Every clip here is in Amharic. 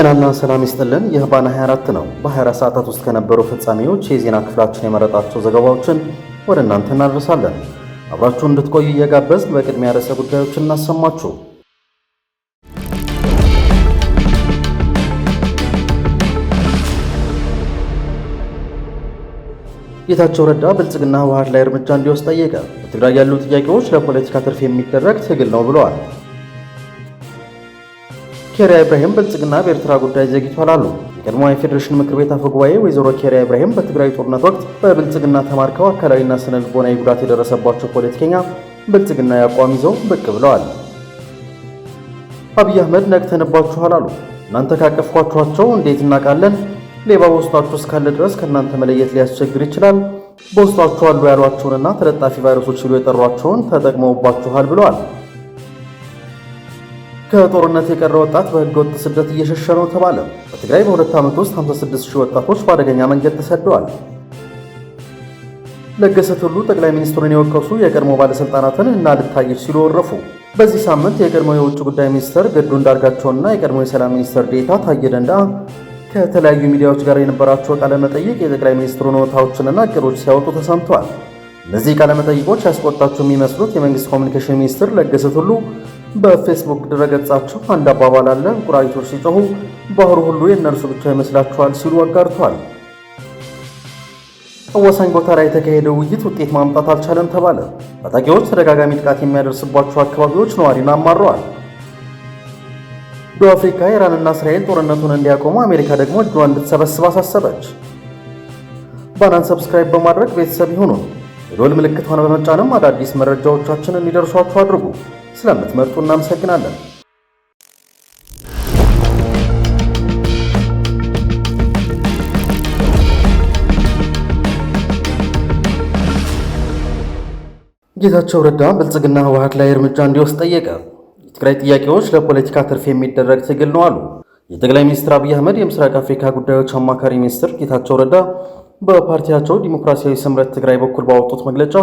ጤናና ሰላም ይስጥልን። ይህ ባና 24 ነው። በ24 ሰዓታት ውስጥ ከነበሩ ፍጻሜዎች የዜና ክፍላችን የመረጣቸው ዘገባዎችን ወደ እናንተ እናደርሳለን። አብራችሁ እንድትቆዩ እየጋበዝን በቅድሚያ ርዕሰ ጉዳዮችን እናሰማችሁ። ጌታቸው ረዳ ብልጽግና ህወሓት ላይ እርምጃ እንዲወስድ ጠየቀ። በትግራይ ያሉ ጥያቄዎች ለፖለቲካ ትርፍ የሚደረግ ትግል ነው ብለዋል። ኬሪያ ኢብራሂም ብልጽግና በኤርትራ ጉዳይ ዘግይቷል አሉ። የቀድሞ የፌዴሬሽን ምክር ቤት አፈ ጉባኤ ወይዘሮ ኬሪያ ኢብራሂም በትግራይ ጦርነት ወቅት በብልጽግና ተማርከው አካላዊና ስነ ልቦናዊ ጉዳት የደረሰባቸው ፖለቲከኛ ብልጽግና ያቋም ይዘው ብቅ ብለዋል። አብይ አህመድ ነቅተንባችኋል አሉ። እናንተ ካቀፍኳችኋቸው እንዴት እናውቃለን? ሌባ በውስጣችሁ እስካለ ድረስ ከእናንተ መለየት ሊያስቸግር ይችላል። በውስጣችሁ አሉ ያሏቸውንና ተለጣፊ ቫይረሶች ሲሉ የጠሯቸውን ተጠቅመውባችኋል ብለዋል። ከጦርነት የቀረ ወጣት በህገ ወጥ ስደት እየሸሸ ነው ተባለ። በትግራይ በሁለት ዓመት ውስጥ 56 ሺህ ወጣቶች በአደገኛ መንገድ ተሰደዋል። ለገሰ ቱሉ ጠቅላይ ሚኒስትሩን የወቀሱ የቀድሞ ባለሥልጣናትን እና ልታየች ሲሉ ወረፉ። በዚህ ሳምንት የቀድሞ የውጭ ጉዳይ ሚኒስትር ገዱ እንዳርጋቸውና የቀድሞ የሰላም ሚኒስትር ዴታ ታዬ ደንደዓ ከተለያዩ ሚዲያዎች ጋር የነበራቸው ቃለ መጠይቅ የጠቅላይ ሚኒስትሩን ወታዎችንና እቅዶች ሲያወጡ ተሰምተዋል። እነዚህ ቃለ መጠይቆች ያስቆጣቸው የሚመስሉት የመንግሥት ኮሚኒኬሽን ሚኒስትር ለገሰ ቱሉ በፌስቡክ ድረገጻቸው አንድ አባባል አለ፣ እንቁራሪቶች ሲጮሁ ባህሩ ሁሉ የእነርሱ ብቻ ይመስላችኋል ሲሉ አጋርቷል። አዋሳኝ ቦታ ላይ የተካሄደው ውይይት ውጤት ማምጣት አልቻለም ተባለ። ታጣቂዎች ተደጋጋሚ ጥቃት የሚያደርስባቸው አካባቢዎች ነዋሪን አማረዋል። በአፍሪካ አፍሪካ ኢራንና እስራኤል ጦርነቱን እንዲያቆሙ አሜሪካ ደግሞ እጇን እንድትሰበስብ አሳሰበች። ባናን ሰብስክራይብ በማድረግ ቤተሰብ ይሁኑን። የዶል ምልክቷን በመጫንም አዳዲስ መረጃዎቻችን እንዲደርሷችሁ አድርጉ። ስለምትመርጡ እናመሰግናለን። ጌታቸው ረዳ ብልጽግና ህወሓት ላይ እርምጃ እንዲወስድ ጠየቀ። የትግራይ ጥያቄዎች ለፖለቲካ ትርፍ የሚደረግ ትግል ነው አሉ። የጠቅላይ ሚኒስትር አብይ አህመድ የምስራቅ አፍሪካ ጉዳዮች አማካሪ ሚኒስትር ጌታቸው ረዳ በፓርቲያቸው ዲሞክራሲያዊ ስምረት ትግራይ በኩል ባወጡት መግለጫ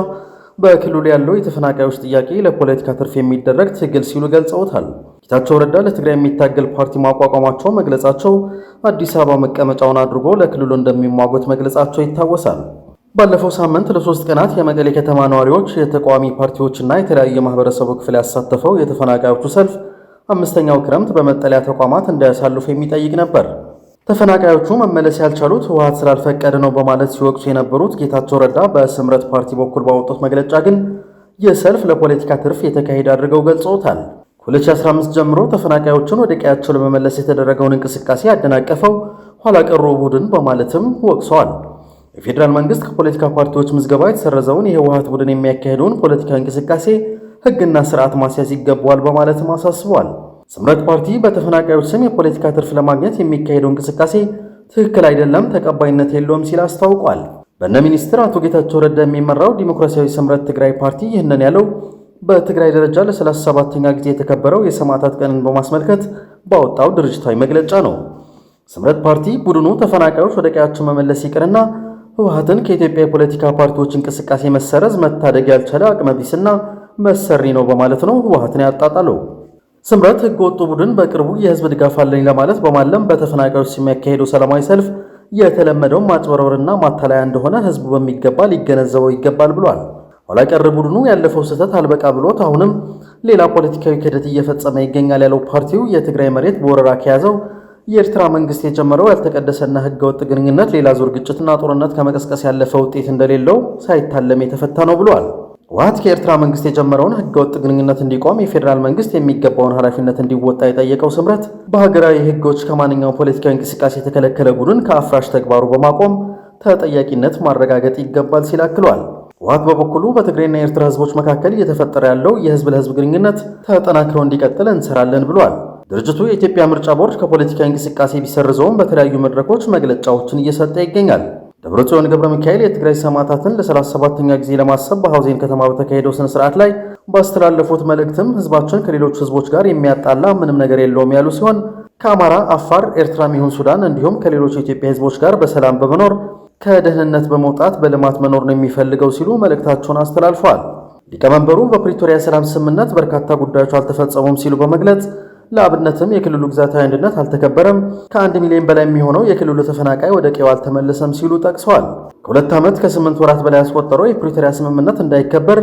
በክልሉ ያለው የተፈናቃዮች ጥያቄ ለፖለቲካ ትርፍ የሚደረግ ትግል ሲሉ ገልጸውታል። ጌታቸው ረዳ ለትግራይ የሚታገል ፓርቲ ማቋቋማቸው መግለጻቸው አዲስ አበባ መቀመጫውን አድርጎ ለክልሉ እንደሚሟጎት መግለጻቸው ይታወሳል። ባለፈው ሳምንት ለሶስት ቀናት የመቀሌ ከተማ ነዋሪዎች፣ የተቃዋሚ ፓርቲዎችና የተለያዩ የማህበረሰቡ ክፍል ያሳተፈው የተፈናቃዮቹ ሰልፍ አምስተኛው ክረምት በመጠለያ ተቋማት እንዳያሳልፉ የሚጠይቅ ነበር። ተፈናቃዮቹ መመለስ ያልቻሉት ህወሀት ስላልፈቀደ ነው በማለት ሲወቅሱ የነበሩት ጌታቸው ረዳ በስምረት ፓርቲ በኩል ባወጡት መግለጫ ግን ይህ ሰልፍ ለፖለቲካ ትርፍ የተካሄደ አድርገው ገልጸውታል ከ2015 ጀምሮ ተፈናቃዮችን ወደ ቀያቸው ለመመለስ የተደረገውን እንቅስቃሴ ያደናቀፈው ኋላ ቀሩ ቡድን በማለትም ወቅሰዋል። የፌዴራል መንግስት ከፖለቲካ ፓርቲዎች ምዝገባ የተሰረዘውን የህወሀት ቡድን የሚያካሄደውን ፖለቲካዊ እንቅስቃሴ ህግና ስርዓት ማስያዝ ይገባዋል በማለትም አሳስቧል። ስምረት ፓርቲ በተፈናቃዮች ስም የፖለቲካ ትርፍ ለማግኘት የሚካሄደው እንቅስቃሴ ትክክል አይደለም፣ ተቀባይነት የለውም ሲል አስታውቋል። በእነ ሚኒስትር አቶ ጌታቸው ረዳ የሚመራው ዲሞክራሲያዊ ስምረት ትግራይ ፓርቲ ይህንን ያለው በትግራይ ደረጃ ለ37ኛ ጊዜ የተከበረው የሰማዕታት ቀንን በማስመልከት ባወጣው ድርጅታዊ መግለጫ ነው። ስምረት ፓርቲ ቡድኑ ተፈናቃዮች ወደ ቀያቸው መመለስ ይቅርና ህወሀትን ከኢትዮጵያ የፖለቲካ ፓርቲዎች እንቅስቃሴ መሰረዝ መታደግ ያልቻለ አቅመቢስና መሰሪ ነው በማለት ነው ህወሀትን ያጣጣለው። ስምረት ህገወጡ ቡድን በቅርቡ የህዝብ ድጋፍ አለኝ ለማለት በማለም በተፈናቃዮች የሚያካሄደው ሰላማዊ ሰልፍ የተለመደውን ማጭበርበርና ማታለያ እንደሆነ ህዝቡ በሚገባ ሊገነዘበው ይገባል ብሏል። ኋላ ቀር ቡድኑ ያለፈው ስህተት አልበቃ ብሎት አሁንም ሌላ ፖለቲካዊ ክህደት እየፈጸመ ይገኛል ያለው ፓርቲው የትግራይ መሬት በወረራ ከያዘው የኤርትራ መንግስት የጀመረው ያልተቀደሰና ህገወጥ ግንኙነት ሌላ ዙር ግጭትና ጦርነት ከመቀስቀስ ያለፈ ውጤት እንደሌለው ሳይታለም የተፈታ ነው ብሏል። ህወሓት ከኤርትራ መንግስት የጀመረውን ህገወጥ ግንኙነት እንዲቆም የፌዴራል መንግስት የሚገባውን ኃላፊነት እንዲወጣ የጠየቀው ስምረት በሀገራዊ ህጎች ከማንኛውም ፖለቲካዊ እንቅስቃሴ የተከለከለ ቡድን ከአፍራሽ ተግባሩ በማቆም ተጠያቂነት ማረጋገጥ ይገባል ሲል አክሏል። ህወሓት በበኩሉ በትግሬና የኤርትራ ህዝቦች መካከል እየተፈጠረ ያለው የህዝብ ለህዝብ ግንኙነት ተጠናክሮ እንዲቀጥል እንሰራለን ብሏል። ድርጅቱ የኢትዮጵያ ምርጫ ቦርድ ከፖለቲካዊ እንቅስቃሴ ቢሰርዘውም በተለያዩ መድረኮች መግለጫዎችን እየሰጠ ይገኛል። ደብረጽዮን ገብረ ሚካኤል የትግራይ ሰማዕታትን ለ37ኛ ጊዜ ለማሰብ በሐውዜን ከተማ በተካሄደው ስነ ስርዓት ላይ ባስተላለፉት መልእክትም ህዝባችን ከሌሎች ህዝቦች ጋር የሚያጣላ ምንም ነገር የለውም ያሉ ሲሆን ከአማራ፣ አፋር፣ ኤርትራ ይሁን ሱዳን እንዲሁም ከሌሎች የኢትዮጵያ ህዝቦች ጋር በሰላም በመኖር ከደህንነት በመውጣት በልማት መኖር ነው የሚፈልገው ሲሉ መልእክታቸውን አስተላልፈዋል። ሊቀመንበሩ በፕሪቶሪያ ሰላም ስምምነት በርካታ ጉዳዮች አልተፈጸሙም ሲሉ በመግለጽ ለአብነትም የክልሉ ግዛታዊ አንድነት አልተከበረም፣ ከአንድ ሚሊዮን በላይ የሚሆነው የክልሉ ተፈናቃይ ወደ ቀዬው አልተመለሰም ሲሉ ጠቅሰዋል። ከሁለት ዓመት ከስምንት ወራት በላይ ያስቆጠረው የፕሪቶሪያ ስምምነት እንዳይከበር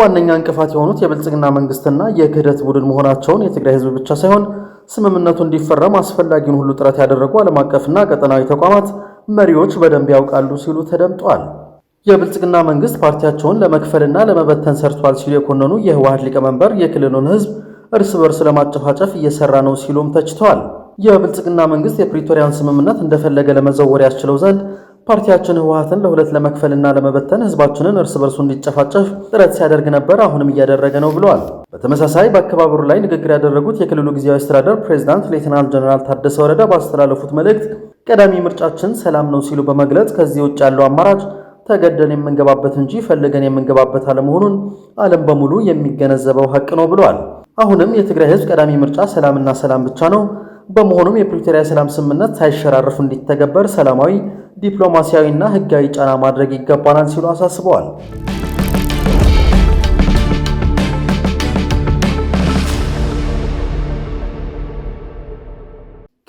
ዋነኛ እንቅፋት የሆኑት የብልጽግና መንግስትና የክህደት ቡድን መሆናቸውን የትግራይ ህዝብ ብቻ ሳይሆን ስምምነቱ እንዲፈረም አስፈላጊውን ሁሉ ጥረት ያደረጉ ዓለም አቀፍና ቀጠናዊ ተቋማት መሪዎች በደንብ ያውቃሉ ሲሉ ተደምጧል። የብልጽግና መንግስት ፓርቲያቸውን ለመክፈልና ለመበተን ሰርቷል ሲሉ የኮነኑ የህወሀት ሊቀመንበር የክልሉን ህዝብ እርስ በርስ ለማጨፋጨፍ እየሰራ ነው ሲሉም ተችተዋል። የብልጽግና መንግስት የፕሪቶሪያን ስምምነት እንደፈለገ ለመዘወር ያስችለው ዘንድ ፓርቲያችን ህወሀትን ለሁለት ለመክፈልና ለመበተን ህዝባችንን እርስ በርሱ እንዲጨፋጨፍ ጥረት ሲያደርግ ነበር፣ አሁንም እያደረገ ነው ብለዋል። በተመሳሳይ በአከባበሩ ላይ ንግግር ያደረጉት የክልሉ ጊዜያዊ አስተዳደር ፕሬዚዳንት ሌትናል ጀነራል ታደሰ ወረዳ ባስተላለፉት መልእክት ቀዳሚ ምርጫችን ሰላም ነው ሲሉ በመግለጽ ከዚህ ውጭ ያለው አማራጭ ተገደን የምንገባበት እንጂ ፈልገን የምንገባበት አለመሆኑን ዓለም በሙሉ የሚገነዘበው ሀቅ ነው ብለዋል። አሁንም የትግራይ ህዝብ ቀዳሚ ምርጫ ሰላምና ሰላም ብቻ ነው። በመሆኑም የፕሪቶሪያ ሰላም ስምምነት ሳይሸራርፍ እንዲተገበር ሰላማዊ፣ ዲፕሎማሲያዊና ህጋዊ ጫና ማድረግ ይገባናል ሲሉ አሳስበዋል።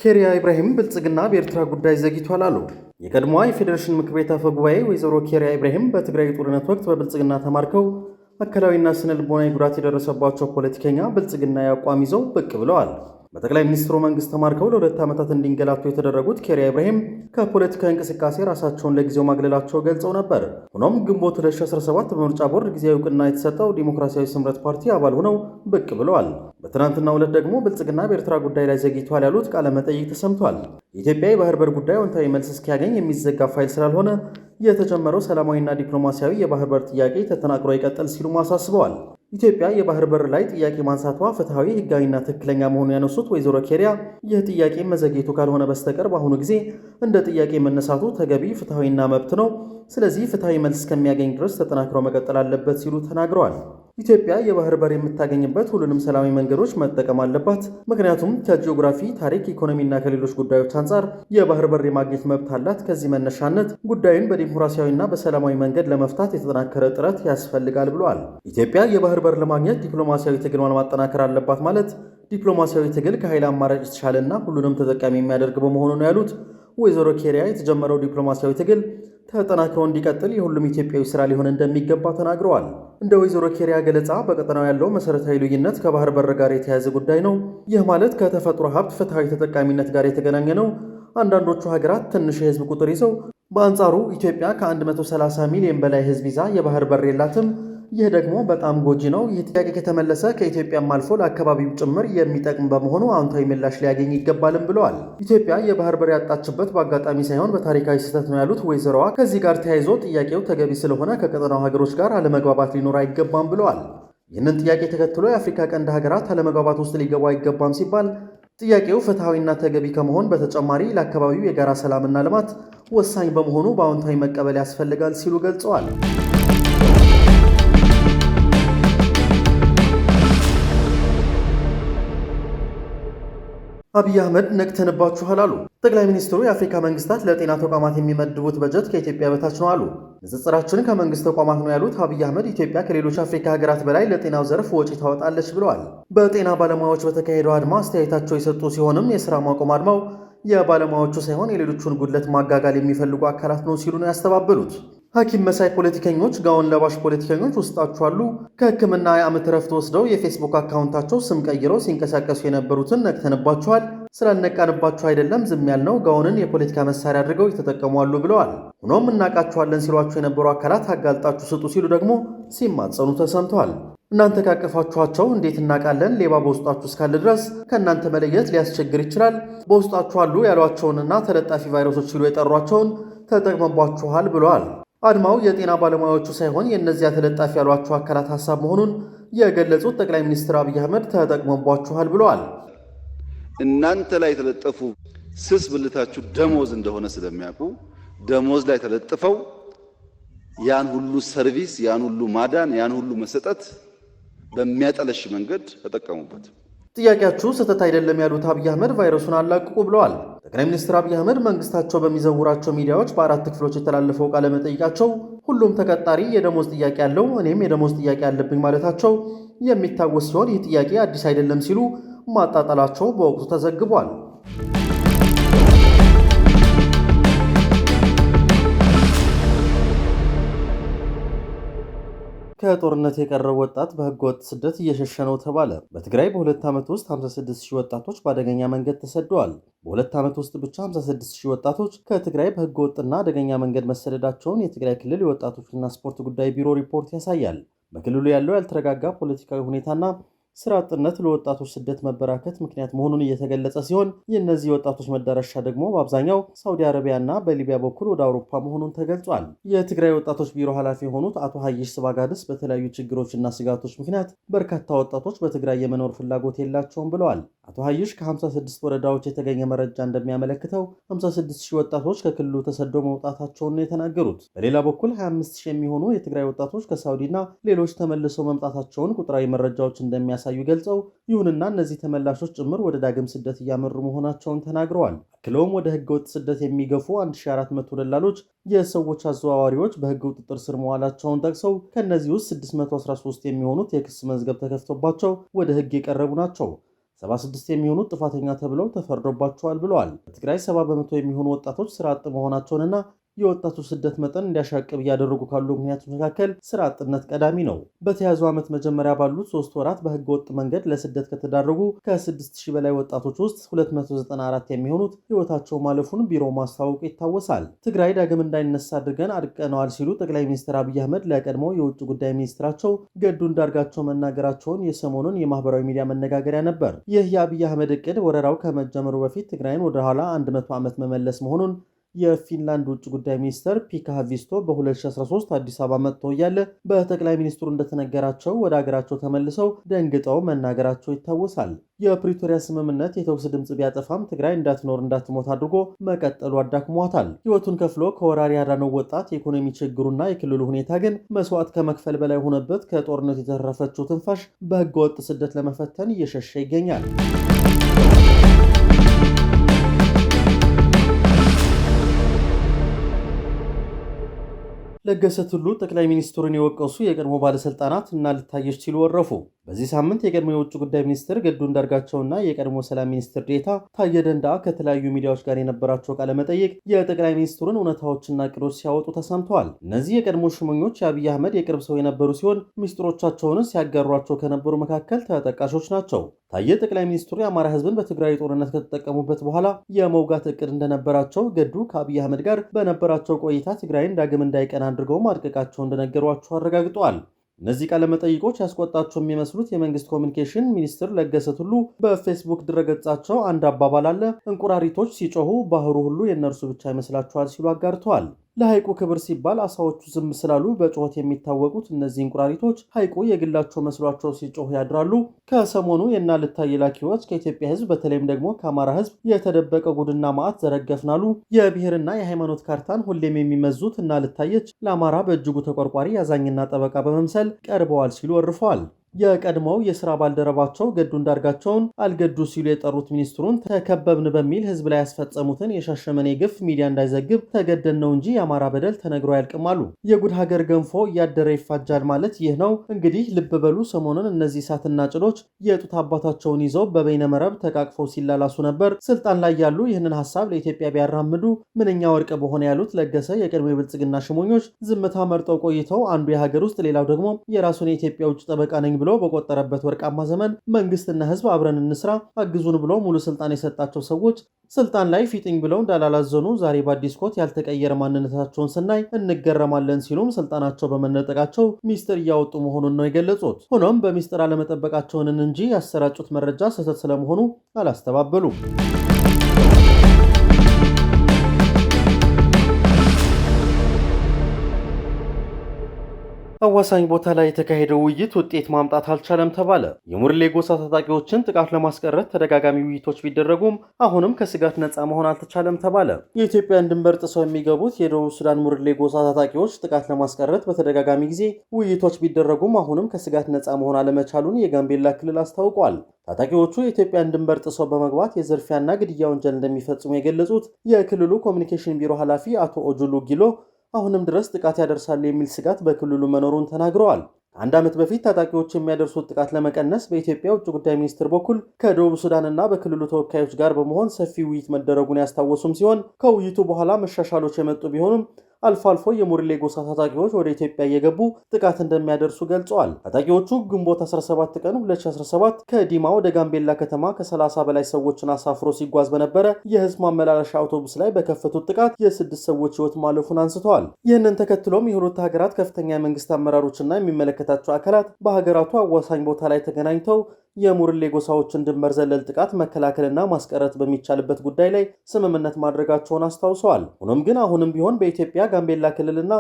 ኬሪያ ኢብራሂም ብልጽግና በኤርትራ ጉዳይ ዘግይቷል አሉ። የቀድሞዋ የፌዴሬሽን ምክር ቤት አፈ ጉባኤ ወይዘሮ ኬሪያ ኢብራሂም በትግራይ ጦርነት ወቅት በብልጽግና ተማርከው አካላዊና ስነ ልቦናዊ ጉዳት የደረሰባቸው ፖለቲከኛ ብልጽግና አቋም ይዘው ብቅ ብለዋል። በጠቅላይ ሚኒስትሩ መንግስት ተማርከው ለሁለት ዓመታት እንዲንገላቱ የተደረጉት ኬሪያ ኢብራሂም ከፖለቲካ እንቅስቃሴ ራሳቸውን ለጊዜው ማግለላቸው ገልጸው ነበር። ሆኖም ግንቦት 2017 በምርጫ ቦርድ ጊዜያዊ እውቅና የተሰጠው ዲሞክራሲያዊ ስምረት ፓርቲ አባል ሆነው ብቅ ብለዋል። በትናንትናው ዕለት ደግሞ ብልጽግና በኤርትራ ጉዳይ ላይ ዘግይቷል ያሉት ቃለ መጠይቅ ተሰምቷል። የኢትዮጵያ የባህር በር ጉዳይ አዎንታዊ መልስ እስኪያገኝ የሚዘጋ ፋይል ስላልሆነ የተጀመረው ሰላማዊና ዲፕሎማሲያዊ የባህር በር ጥያቄ ተጠናክሮ ይቀጥል ሲሉም አሳስበዋል። ኢትዮጵያ የባህር በር ላይ ጥያቄ ማንሳቷ ፍትሐዊ፣ ህጋዊና ትክክለኛ መሆኑ ያነሱት ወይዘሮ ኬሪያ ይህ ጥያቄ መዘግየቱ ካልሆነ በስተቀር በአሁኑ ጊዜ እንደ ጥያቄ መነሳቱ ተገቢ፣ ፍትሐዊና መብት ነው ስለዚህ ፍትሐዊ መልስ እስከሚያገኝ ድረስ ተጠናክሮ መቀጠል አለበት ሲሉ ተናግረዋል። ኢትዮጵያ የባህር በር የምታገኝበት ሁሉንም ሰላማዊ መንገዶች መጠቀም አለባት። ምክንያቱም ከጂኦግራፊ፣ ታሪክ፣ ኢኮኖሚና ከሌሎች ጉዳዮች አንጻር የባህር በር የማግኘት መብት አላት። ከዚህ መነሻነት ጉዳዩን በዲሞክራሲያዊና በሰላማዊ መንገድ ለመፍታት የተጠናከረ ጥረት ያስፈልጋል ብለዋል። ኢትዮጵያ የባህር በር ለማግኘት ዲፕሎማሲያዊ ትግሏን ማጠናከር አለባት ማለት ዲፕሎማሲያዊ ትግል ከኃይል አማራጭ የተሻለና ሁሉንም ተጠቃሚ የሚያደርግ በመሆኑ ነው ያሉት ወይዘሮ ኬሪያ የተጀመረው ዲፕሎማሲያዊ ትግል ተጠናክሮ እንዲቀጥል የሁሉም ኢትዮጵያዊ ስራ ሊሆን እንደሚገባ ተናግረዋል። እንደ ወይዘሮ ኬሪያ ገለጻ በቀጠናው ያለው መሰረታዊ ልዩነት ከባህር በር ጋር የተያያዘ ጉዳይ ነው። ይህ ማለት ከተፈጥሮ ሀብት ፍትሐዊ ተጠቃሚነት ጋር የተገናኘ ነው። አንዳንዶቹ ሀገራት ትንሽ የህዝብ ቁጥር ይዘው፣ በአንጻሩ ኢትዮጵያ ከ130 ሚሊዮን በላይ ህዝብ ይዛ የባህር በር የላትም። ይህ ደግሞ በጣም ጎጂ ነው። ይህ ጥያቄ ከተመለሰ ከኢትዮጵያም አልፎ ለአካባቢው ጭምር የሚጠቅም በመሆኑ አዎንታዊ ምላሽ ሊያገኝ ይገባልም ብለዋል። ኢትዮጵያ የባህር በር ያጣችበት በአጋጣሚ ሳይሆን በታሪካዊ ስህተት ነው ያሉት ወይዘሮዋ ከዚህ ጋር ተያይዞ ጥያቄው ተገቢ ስለሆነ ከቀጠናው ሀገሮች ጋር አለመግባባት ሊኖር አይገባም ብለዋል። ይህንን ጥያቄ ተከትሎ የአፍሪካ ቀንድ ሀገራት አለመግባባት ውስጥ ሊገቡ አይገባም ሲባል ጥያቄው ፍትሐዊና ተገቢ ከመሆን በተጨማሪ ለአካባቢው የጋራ ሰላምና ልማት ወሳኝ በመሆኑ በአዎንታዊ መቀበል ያስፈልጋል ሲሉ ገልጸዋል። አብይ አህመድ ነቅተንባችኋል አሉ። ጠቅላይ ሚኒስትሩ የአፍሪካ መንግስታት ለጤና ተቋማት የሚመድቡት በጀት ከኢትዮጵያ በታች ነው አሉ። ንጽጽራችን ከመንግስት ተቋማት ነው ያሉት አብይ አህመድ ኢትዮጵያ ከሌሎች አፍሪካ ሀገራት በላይ ለጤናው ዘርፍ ወጪ ታወጣለች ብለዋል። በጤና ባለሙያዎች በተካሄደው አድማ አስተያየታቸው የሰጡ ሲሆንም የስራ ማቆም አድማው የባለሙያዎቹ ሳይሆን የሌሎቹን ጉድለት ማጋጋል የሚፈልጉ አካላት ነው ሲሉ ነው ያስተባበሉት። ሐኪም መሳይ ፖለቲከኞች ጋውን ለባሽ ፖለቲከኞች ውስጣችሁ አሉ። ከህክምና የዓመት እረፍት ወስደው የፌስቡክ አካውንታቸው ስም ቀይረው ሲንቀሳቀሱ የነበሩትን ነቅተንባችኋል። ስላልነቃንባችሁ አይደለም ዝም ያልነው፣ ጋውንን የፖለቲካ መሳሪያ አድርገው የተጠቀሙ አሉ ብለዋል። ሆኖም እናቃችኋለን ሲሏቸው የነበሩ አካላት አጋልጣችሁ ስጡ ሲሉ ደግሞ ሲማጸኑ ተሰምተዋል። እናንተ ካቀፋችኋቸው እንዴት እናውቃለን? ሌባ በውስጣችሁ እስካለ ድረስ ከእናንተ መለየት ሊያስቸግር ይችላል። በውስጣችሁ አሉ ያሏቸውንና ተለጣፊ ቫይረሶች ሲሉ የጠሯቸውን ተጠቅመባችኋል ብለዋል። አድማው የጤና ባለሙያዎቹ ሳይሆን የእነዚያ ተለጣፊ ያሏቸው አካላት ሀሳብ መሆኑን የገለጹት ጠቅላይ ሚኒስትር አብይ አህመድ ተጠቅሞባችኋል ብለዋል። እናንተ ላይ የተለጠፉ ስስ ብልታችሁ ደሞዝ እንደሆነ ስለሚያውቁ ደሞዝ ላይ ተለጥፈው ያን ሁሉ ሰርቪስ፣ ያን ሁሉ ማዳን፣ ያን ሁሉ መሰጠት በሚያጠለሽ መንገድ ተጠቀሙበት። ጥያቄያችሁ ስህተት አይደለም ያሉት አብይ አህመድ ቫይረሱን አላቅቁ ብለዋል። ጠቅላይ ሚኒስትር አብይ አህመድ መንግስታቸው በሚዘውራቸው ሚዲያዎች በአራት ክፍሎች የተላለፈው ቃለ መጠይቃቸው ሁሉም ተቀጣሪ የደሞዝ ጥያቄ ያለው እኔም የደሞዝ ጥያቄ አለብኝ ማለታቸው የሚታወስ ሲሆን ይህ ጥያቄ አዲስ አይደለም ሲሉ ማጣጣላቸው በወቅቱ ተዘግቧል። ከጦርነት የቀረው ወጣት በህገወጥ ስደት እየሸሸ ነው ተባለ። በትግራይ በሁለት ዓመት ውስጥ 56 ሺህ ወጣቶች በአደገኛ መንገድ ተሰደዋል። በሁለት ዓመት ውስጥ ብቻ 56 ሺህ ወጣቶች ከትግራይ በህገወጥና አደገኛ መንገድ መሰደዳቸውን የትግራይ ክልል የወጣቶችና ስፖርት ጉዳይ ቢሮ ሪፖርት ያሳያል። በክልሉ ያለው ያልተረጋጋ ፖለቲካዊ ሁኔታና ስራ አጥነት ለወጣቶች ስደት መበራከት ምክንያት መሆኑን እየተገለጸ ሲሆን የእነዚህ የወጣቶች መዳረሻ ደግሞ በአብዛኛው ሳውዲ አረቢያና በሊቢያ በኩል ወደ አውሮፓ መሆኑን ተገልጿል። የትግራይ ወጣቶች ቢሮ ኃላፊ የሆኑት አቶ ሀይሽ ስባጋድስ በተለያዩ ችግሮችና ስጋቶች ምክንያት በርካታ ወጣቶች በትግራይ የመኖር ፍላጎት የላቸውም ብለዋል። አቶ ሀይሽ ከ56 ወረዳዎች የተገኘ መረጃ እንደሚያመለክተው 56 ሺህ ወጣቶች ከክልሉ ተሰደው መውጣታቸውን ነው የተናገሩት። በሌላ በኩል 25 ሺህ የሚሆኑ የትግራይ ወጣቶች ከሳውዲና ሌሎች ተመልሰው መምጣታቸውን ቁጥራዊ መረጃዎች እንደሚያ። እንደሚያሳዩ ገልጸው ይሁንና እነዚህ ተመላሾች ጭምር ወደ ዳግም ስደት እያመሩ መሆናቸውን ተናግረዋል። አክለውም ወደ ህገወጥ ስደት የሚገፉ 1400 ደላሎች፣ የሰዎች አዘዋዋሪዎች በህግ ቁጥጥር ስር መዋላቸውን ጠቅሰው ከእነዚህ ውስጥ 613 የሚሆኑት የክስ መዝገብ ተከፍቶባቸው ወደ ህግ የቀረቡ ናቸው። 76 የሚሆኑት ጥፋተኛ ተብለው ተፈርዶባቸዋል ብለዋል። በትግራይ 70 በመቶ የሚሆኑ ወጣቶች ስራ አጥ መሆናቸውንና የወጣቱ ስደት መጠን እንዲያሻቅብ እያደረጉ ካሉ ምክንያቶች መካከል ስራ አጥነት ቀዳሚ ነው። በተያዙ ዓመት መጀመሪያ ባሉት ሶስት ወራት በህገ ወጥ መንገድ ለስደት ከተዳረጉ ከ6000 በላይ ወጣቶች ውስጥ 294 የሚሆኑት ህይወታቸው ማለፉን ቢሮ ማስታወቁ ይታወሳል። ትግራይ ዳግም እንዳይነሳ አድርገን አድቀነዋል ሲሉ ጠቅላይ ሚኒስትር አብይ አህመድ ለቀድሞ የውጭ ጉዳይ ሚኒስትራቸው ገዱ እንዳርጋቸው መናገራቸውን የሰሞኑን የማህበራዊ ሚዲያ መነጋገሪያ ነበር። ይህ የአብይ አህመድ እቅድ ወረራው ከመጀመሩ በፊት ትግራይን ወደ ኋላ 100 ዓመት መመለስ መሆኑን የፊንላንድ ውጭ ጉዳይ ሚኒስትር ፒካ ሃቪስቶ በ2013 አዲስ አበባ መጥተው እያለ በጠቅላይ ሚኒስትሩ እንደተነገራቸው ወደ አገራቸው ተመልሰው ደንግጠው መናገራቸው ይታወሳል። የፕሪቶሪያ ስምምነት የተኩስ ድምፅ ቢያጠፋም ትግራይ እንዳትኖር እንዳትሞት አድርጎ መቀጠሉ አዳክሟታል። ሕይወቱን ከፍሎ ከወራሪ ያዳነው ወጣት የኢኮኖሚ ችግሩና የክልሉ ሁኔታ ግን መስዋዕት ከመክፈል በላይ ሆነበት። ከጦርነት የተረፈችው ትንፋሽ በህገወጥ ስደት ለመፈተን እየሸሸ ይገኛል። ለገሰ ቱሉ ጠቅላይ ሚኒስትሩን የወቀሱ የቀድሞ ባለስልጣናት እና ልታየች ሲሉ ወረፉ። በዚህ ሳምንት የቀድሞ የውጭ ጉዳይ ሚኒስትር ገዱ እንዳርጋቸውና የቀድሞ ሰላም ሚኒስትር ዴታ ታየ ከተለያዩ ሚዲያዎች ጋር የነበራቸው ቃለመጠይቅ የጠቅላይ ሚኒስትሩን እውነታዎችና እቅዶች ሲያወጡ ተሰምተዋል። እነዚህ የቀድሞ ሹመኞች የአብይ አህመድ የቅርብ ሰው የነበሩ ሲሆን ሚስጥሮቻቸውን ሲያጋሯቸው ከነበሩ መካከል ተጠቃሾች ናቸው። ታየ ጠቅላይ ሚኒስትሩ የአማራ ህዝብን በትግራይ ጦርነት ከተጠቀሙበት በኋላ የመውጋት እቅድ እንደነበራቸው ገዱ ከአብይ አህመድ ጋር በነበራቸው ቆይታ ትግራይን ዳግም እንዳይቀና አድርገው ማድቀቃቸው እንደነገሯቸው አረጋግጠዋል። እነዚህ ቃለመጠይቆች ያስቆጣቸው የሚመስሉት የመንግስት ኮሚኒኬሽን ሚኒስትር ለገሰ ቱሉ በፌስቡክ ድረገጻቸው አንድ አባባል አለ፣ እንቁራሪቶች ሲጮሁ ባህሩ ሁሉ የእነርሱ ብቻ ይመስላችኋል ሲሉ አጋርተዋል። ለሐይቁ ክብር ሲባል አሳዎቹ ዝም ስላሉ በጩኸት የሚታወቁት እነዚህ እንቁራሪቶች ሐይቁ የግላቸው መስሏቸው ሲጮህ ያድራሉ። ከሰሞኑ የና ልታይ ላኪዎች ከኢትዮጵያ ሕዝብ በተለይም ደግሞ ከአማራ ሕዝብ የተደበቀ ጉድና መዓት ዘረገፍናሉ። የብሔርና የሃይማኖት ካርታን ሁሌም የሚመዙት እና ልታየች ለአማራ በእጅጉ ተቆርቋሪ አዛኝና ጠበቃ በመምሰል ቀርበዋል ሲሉ ወርፈዋል። የቀድሞው የስራ ባልደረባቸው ገዱ እንዳርጋቸውን አልገዱ ሲሉ የጠሩት ሚኒስትሩን ተከበብን በሚል ህዝብ ላይ ያስፈጸሙትን የሻሸመኔ ግፍ ሚዲያ እንዳይዘግብ ተገደን ነው እንጂ የአማራ በደል ተነግሮ አያልቅም አሉ። የጉድ ሀገር ገንፎ እያደረ ይፋጃል ማለት ይህ ነው። እንግዲህ ልብ በሉ። ሰሞኑን እነዚህ እሳትና ጭሎች የጡት አባታቸውን ይዘው በበይነ መረብ ተቃቅፈው ሲላላሱ ነበር። ስልጣን ላይ ያሉ ይህንን ሀሳብ ለኢትዮጵያ ቢያራምዱ ምንኛ ወርቅ በሆነ ያሉት ለገሰ የቀድሞ የብልጽግና ሽሞኞች ዝምታ መርጠው ቆይተው አንዱ የሀገር ውስጥ ሌላው ደግሞ የራሱን የኢትዮጵያ ውጭ ጠበቃ ነኝ ብሎ በቆጠረበት ወርቃማ ዘመን መንግስትና ህዝብ አብረን እንስራ፣ አግዙን ብሎ ሙሉ ስልጣን የሰጣቸው ሰዎች ስልጣን ላይ ፊጥኝ ብለው እንዳላላዘኑ ዛሬ በአዲስ ኮት ያልተቀየረ ማንነታቸውን ስናይ እንገረማለን ሲሉም ስልጣናቸው በመነጠቃቸው ሚስጥር እያወጡ መሆኑን ነው የገለጹት። ሆኖም በሚስጥር አለመጠበቃቸውንን እንጂ ያሰራጩት መረጃ ስህተት ስለመሆኑ አላስተባበሉም። አዋሳኝ ቦታ ላይ የተካሄደው ውይይት ውጤት ማምጣት አልቻለም ተባለ። የሙርሌ ጎሳ ታጣቂዎችን ጥቃት ለማስቀረት ተደጋጋሚ ውይይቶች ቢደረጉም አሁንም ከስጋት ነፃ መሆን አልተቻለም ተባለ። የኢትዮጵያን ድንበር ጥሰው የሚገቡት የደቡብ ሱዳን ሙርሌ ጎሳ ታጣቂዎች ጥቃት ለማስቀረት በተደጋጋሚ ጊዜ ውይይቶች ቢደረጉም አሁንም ከስጋት ነፃ መሆን አለመቻሉን የጋምቤላ ክልል አስታውቋል። ታጣቂዎቹ የኢትዮጵያን ድንበር ጥሰው በመግባት የዝርፊያና ግድያ ወንጀል እንደሚፈጽሙ የገለጹት የክልሉ ኮሚኒኬሽን ቢሮ ኃላፊ አቶ ኦጁሉ ጊሎ አሁንም ድረስ ጥቃት ያደርሳሉ የሚል ስጋት በክልሉ መኖሩን ተናግረዋል። ከአንድ ዓመት በፊት ታጣቂዎች የሚያደርሱት ጥቃት ለመቀነስ በኢትዮጵያ ውጭ ጉዳይ ሚኒስትር በኩል ከደቡብ ሱዳንና በክልሉ ተወካዮች ጋር በመሆን ሰፊ ውይይት መደረጉን ያስታወሱም ሲሆን ከውይይቱ በኋላ መሻሻሎች የመጡ ቢሆኑም አልፎ አልፎ የሙሪሌ ጎሳ ታጣቂዎች ወደ ኢትዮጵያ እየገቡ ጥቃት እንደሚያደርሱ ገልጸዋል። ታጣቂዎቹ ግንቦት 17 ቀን 2017 ከዲማ ወደ ጋምቤላ ከተማ ከ30 በላይ ሰዎችን አሳፍሮ ሲጓዝ በነበረ የህዝብ ማመላለሻ አውቶቡስ ላይ በከፈቱት ጥቃት የስድስት ሰዎች ህይወት ማለፉን አንስተዋል። ይህንን ተከትሎም የሁለቱ ሀገራት ከፍተኛ የመንግስት አመራሮችና የሚመለከታቸው አካላት በሀገራቱ አዋሳኝ ቦታ ላይ ተገናኝተው የሙርሌ ጎሳዎችን ድንበር ዘለል ጥቃት መከላከልና ማስቀረት በሚቻልበት ጉዳይ ላይ ስምምነት ማድረጋቸውን አስታውሰዋል። ሆኖም ግን አሁንም ቢሆን በኢትዮጵያ ጋምቤላ ክልልና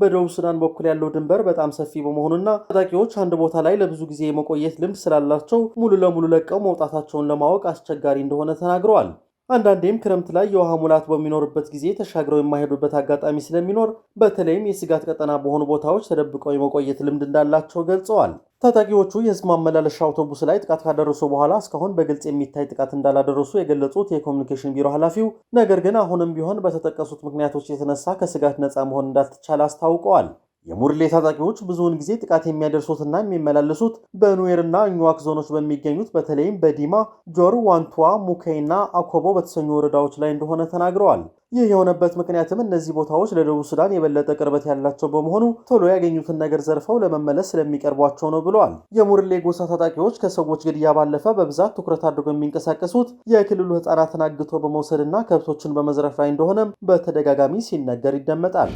በደቡብ ሱዳን በኩል ያለው ድንበር በጣም ሰፊ በመሆኑና ታጣቂዎች አንድ ቦታ ላይ ለብዙ ጊዜ የመቆየት ልምድ ስላላቸው ሙሉ ለሙሉ ለቀው መውጣታቸውን ለማወቅ አስቸጋሪ እንደሆነ ተናግረዋል። አንዳንዴም ክረምት ላይ የውሃ ሙላት በሚኖርበት ጊዜ ተሻግረው የማይሄዱበት አጋጣሚ ስለሚኖር በተለይም የስጋት ቀጠና በሆኑ ቦታዎች ተደብቀው የመቆየት ልምድ እንዳላቸው ገልጸዋል። ታጣቂዎቹ የህዝብ ማመላለሻ አውቶቡስ ላይ ጥቃት ካደረሱ በኋላ እስካሁን በግልጽ የሚታይ ጥቃት እንዳላደረሱ የገለጹት የኮሚኒኬሽን ቢሮ ኃላፊው፣ ነገር ግን አሁንም ቢሆን በተጠቀሱት ምክንያቶች የተነሳ ከስጋት ነፃ መሆን እንዳልተቻለ አስታውቀዋል። የሙርሌ ታጣቂዎች ብዙውን ጊዜ ጥቃት የሚያደርሱትና የሚመላለሱት በኑዌርና ኙዋክ ዞኖች በሚገኙት በተለይም በዲማ፣ ጆር፣ ዋንቱዋ፣ ሙከይና አኮቦ በተሰኙ ወረዳዎች ላይ እንደሆነ ተናግረዋል። ይህ የሆነበት ምክንያትም እነዚህ ቦታዎች ለደቡብ ሱዳን የበለጠ ቅርበት ያላቸው በመሆኑ ቶሎ ያገኙትን ነገር ዘርፈው ለመመለስ ስለሚቀርቧቸው ነው ብለዋል። የሙርሌ ጎሳ ታጣቂዎች ከሰዎች ግድያ ባለፈ በብዛት ትኩረት አድርገው የሚንቀሳቀሱት የክልሉ ሕፃናትን አግቶ በመውሰድና ከብቶችን በመዝረፍ ላይ እንደሆነም በተደጋጋሚ ሲነገር ይደመጣል።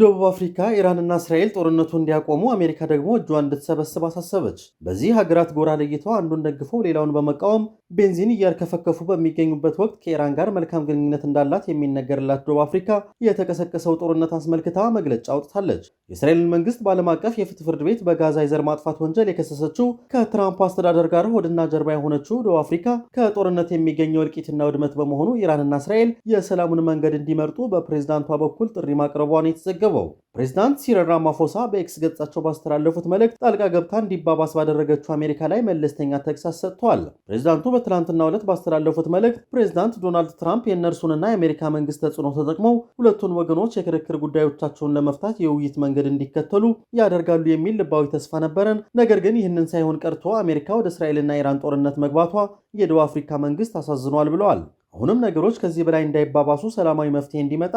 ደቡብ አፍሪካ ኢራንና እስራኤል ጦርነቱ እንዲያቆሙ አሜሪካ ደግሞ እጇ እንድትሰበስብ አሳሰበች። በዚህ ሀገራት ጎራ ለይተው አንዱን ደግፈው ሌላውን በመቃወም ቤንዚን እያርከፈከፉ በሚገኙበት ወቅት ከኢራን ጋር መልካም ግንኙነት እንዳላት የሚነገርላት ደቡብ አፍሪካ የተቀሰቀሰው ጦርነት አስመልክታ መግለጫ አውጥታለች። የእስራኤልን መንግስት በዓለም አቀፍ የፍትህ ፍርድ ቤት በጋዛ የዘር ማጥፋት ወንጀል የከሰሰችው ከትራምፕ አስተዳደር ጋር ሆድና ጀርባ የሆነችው ደቡብ አፍሪካ ከጦርነት የሚገኘው እልቂትና ውድመት በመሆኑ ኢራንና እስራኤል የሰላሙን መንገድ እንዲመርጡ በፕሬዝዳንቷ በኩል ጥሪ ማቅረቧን የተዘገበው ፕሬዚዳንት ሲረል ራማፎሳ በኤክስ ገጻቸው ባስተላለፉት መልእክት ጣልቃ ገብታ እንዲባባስ ባደረገችው አሜሪካ ላይ መለስተኛ ተግሳጽ ሰጥተዋል። ፕሬዚዳንቱ በትናንትናው ዕለት ባስተላለፉት መልእክት ፕሬዚዳንት ዶናልድ ትራምፕ የእነርሱንና የአሜሪካ መንግስት ተጽዕኖ ተጠቅመው ሁለቱን ወገኖች የክርክር ጉዳዮቻቸውን ለመፍታት የውይይት መንገድ እንዲከተሉ ያደርጋሉ የሚል ልባዊ ተስፋ ነበረን። ነገር ግን ይህንን ሳይሆን ቀርቶ አሜሪካ ወደ እስራኤልና ኢራን ጦርነት መግባቷ የደቡብ አፍሪካ መንግስት አሳዝኗል ብለዋል። አሁንም ነገሮች ከዚህ በላይ እንዳይባባሱ ሰላማዊ መፍትሄ እንዲመጣ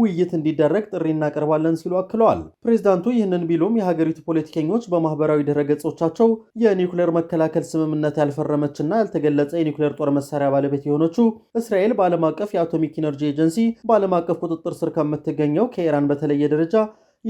ውይይት እንዲደረግ ጥሪ እናቀርባለን ሲሉ አክለዋል። ፕሬዚዳንቱ ይህንን ቢሉም የሀገሪቱ ፖለቲከኞች በማህበራዊ ድረገጾቻቸው የኒውክሌር መከላከል ስምምነት ያልፈረመችና ያልተገለጸ የኒውክሌር ጦር መሳሪያ ባለቤት የሆነችው እስራኤል በዓለም አቀፍ የአቶሚክ ኢነርጂ ኤጀንሲ በዓለም አቀፍ ቁጥጥር ስር ከምትገኘው ከኢራን በተለየ ደረጃ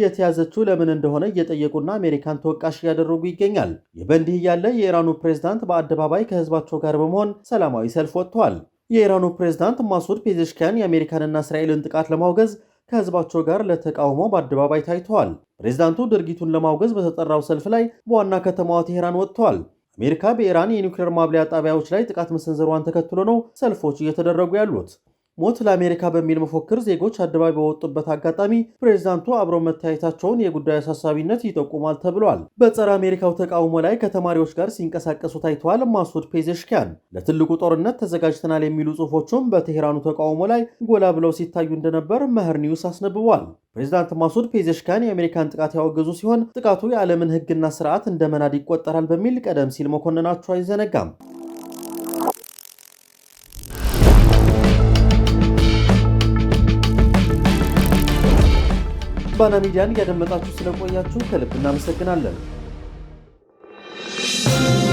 የተያዘችው ለምን እንደሆነ እየጠየቁና አሜሪካን ተወቃሽ እያደረጉ ይገኛል። ይህ በእንዲህ እያለ የኢራኑ ፕሬዝዳንት በአደባባይ ከህዝባቸው ጋር በመሆን ሰላማዊ ሰልፍ ወጥተዋል። የኢራኑ ፕሬዝዳንት ማሱድ ፔዜሽኪያን የአሜሪካንና እስራኤልን ጥቃት ለማውገዝ ከህዝባቸው ጋር ለተቃውሞ በአደባባይ ታይተዋል። ፕሬዝዳንቱ ድርጊቱን ለማውገዝ በተጠራው ሰልፍ ላይ በዋና ከተማዋ ቴሄራን ወጥተዋል። አሜሪካ በኢራን የኒውክሌር ማብለያ ጣቢያዎች ላይ ጥቃት መሰንዘሯን ተከትሎ ነው ሰልፎች እየተደረጉ ያሉት። ሞት ለአሜሪካ በሚል መፎክር ዜጎች አደባባይ በወጡበት አጋጣሚ ፕሬዝዳንቱ አብረው መታየታቸውን የጉዳዩ አሳሳቢነት ይጠቁማል ተብሏል። በጸረ አሜሪካው ተቃውሞ ላይ ከተማሪዎች ጋር ሲንቀሳቀሱ ታይተዋል። ማሱድ ፔዜሽኪያን ለትልቁ ጦርነት ተዘጋጅተናል የሚሉ ጽሑፎቹም በቴሄራኑ ተቃውሞ ላይ ጎላ ብለው ሲታዩ እንደነበር መህር ኒውስ አስነብቧል። ፕሬዚዳንት ማሱድ ፔዜሽኪያን የአሜሪካን ጥቃት ያወገዙ ሲሆን ጥቃቱ የዓለምን ሕግና ስርዓት እንደመናድ ይቆጠራል በሚል ቀደም ሲል መኮንናቸው አይዘነጋም። ፋና ሚዲያን እያደመጣችሁ ስለቆያችሁ ከልብ እናመሰግናለን።